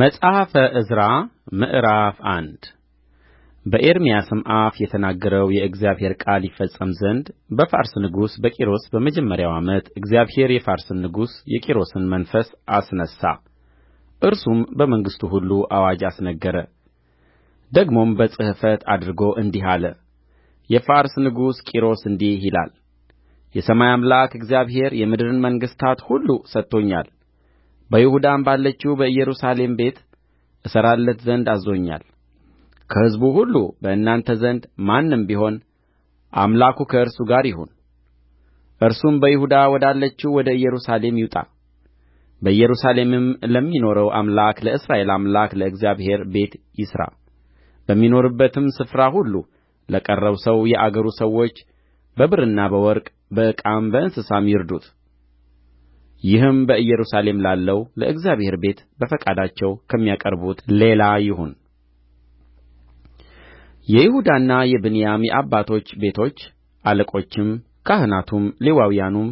መጽሐፈ ዕዝራ ምዕራፍ አንድ በኤርምያስም አፍ የተናገረው የእግዚአብሔር ቃል ይፈጸም ዘንድ በፋርስ ንጉሥ በቂሮስ በመጀመሪያው ዓመት እግዚአብሔር የፋርስን ንጉሥ የቂሮስን መንፈስ አስነሣ። እርሱም በመንግሥቱ ሁሉ አዋጅ አስነገረ። ደግሞም በጽሕፈት አድርጎ እንዲህ አለ። የፋርስ ንጉሥ ቂሮስ እንዲህ ይላል፣ የሰማይ አምላክ እግዚአብሔር የምድርን መንግሥታት ሁሉ ሰጥቶኛል በይሁዳም ባለችው በኢየሩሳሌም ቤት እሠራለት ዘንድ አዝዞኛል ከሕዝቡ ሁሉ በእናንተ ዘንድ ማንም ቢሆን አምላኩ ከእርሱ ጋር ይሁን እርሱም በይሁዳ ወዳለችው ወደ ኢየሩሳሌም ይውጣ በኢየሩሳሌምም ለሚኖረው አምላክ ለእስራኤል አምላክ ለእግዚአብሔር ቤት ይሥራ በሚኖርበትም ስፍራ ሁሉ ለቀረው ሰው የአገሩ ሰዎች በብርና በወርቅ በዕቃም በእንስሳም ይርዱት ይህም በኢየሩሳሌም ላለው ለእግዚአብሔር ቤት በፈቃዳቸው ከሚያቀርቡት ሌላ ይሁን የይሁዳና የብንያም የአባቶች ቤቶች አለቆችም ካህናቱም ሌዋውያኑም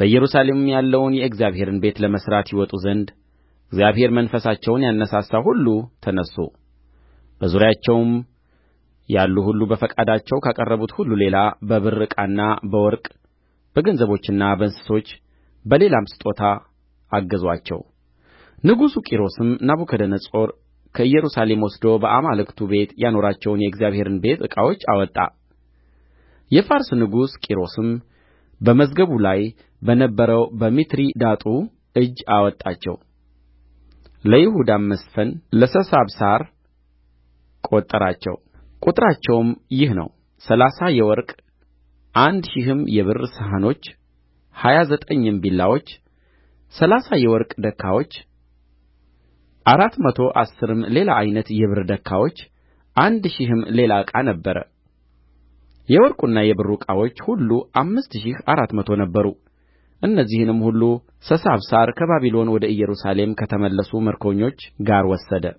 በኢየሩሳሌም ያለውን የእግዚአብሔርን ቤት ለመሥራት ይወጡ ዘንድ እግዚአብሔር መንፈሳቸውን ያነሣሣው ሁሉ ተነሡ። በዙሪያቸውም ያሉ ሁሉ በፈቃዳቸው ካቀረቡት ሁሉ ሌላ በብር ዕቃና በወርቅ በገንዘቦችና በእንስሶች በሌላም ስጦታ አገዙአቸው ንጉሡ ቂሮስም ናቡከደነፆር ከኢየሩሳሌም ወስዶ በአማልክቱ ቤት ያኖራቸውን የእግዚአብሔርን ቤት ዕቃዎች አወጣ የፋርስ ንጉሥ ቂሮስም በመዝገቡ ላይ በነበረው በሚትሪዳጡ እጅ አወጣቸው ለይሁዳም መስፍን ለሰሳብሳር ቈጠራቸው ቍጥራቸውም ይህ ነው ሠላሳ የወርቅ አንድ ሺህም የብር ሰሐኖች ሀያ ዘጠኝም ቢላዎች ሠላሳ የወርቅ ደካዎች አራት መቶ አሥርም ሌላ ዓይነት የብር ደካዎች አንድ ሺህም ሌላ ዕቃ ነበረ የወርቁና የብሩ ዕቃዎች ሁሉ አምስት ሺህ አራት መቶ ነበሩ እነዚህንም ሁሉ ሰሳብሳር ከባቢሎን ወደ ኢየሩሳሌም ከተመለሱ ምርኮኞች ጋር ወሰደ